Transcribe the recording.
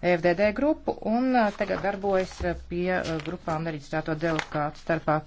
E FDD grupu un eh, tagad darbojas eh, pie eh, grupām nereģistrēto delegātu starpā.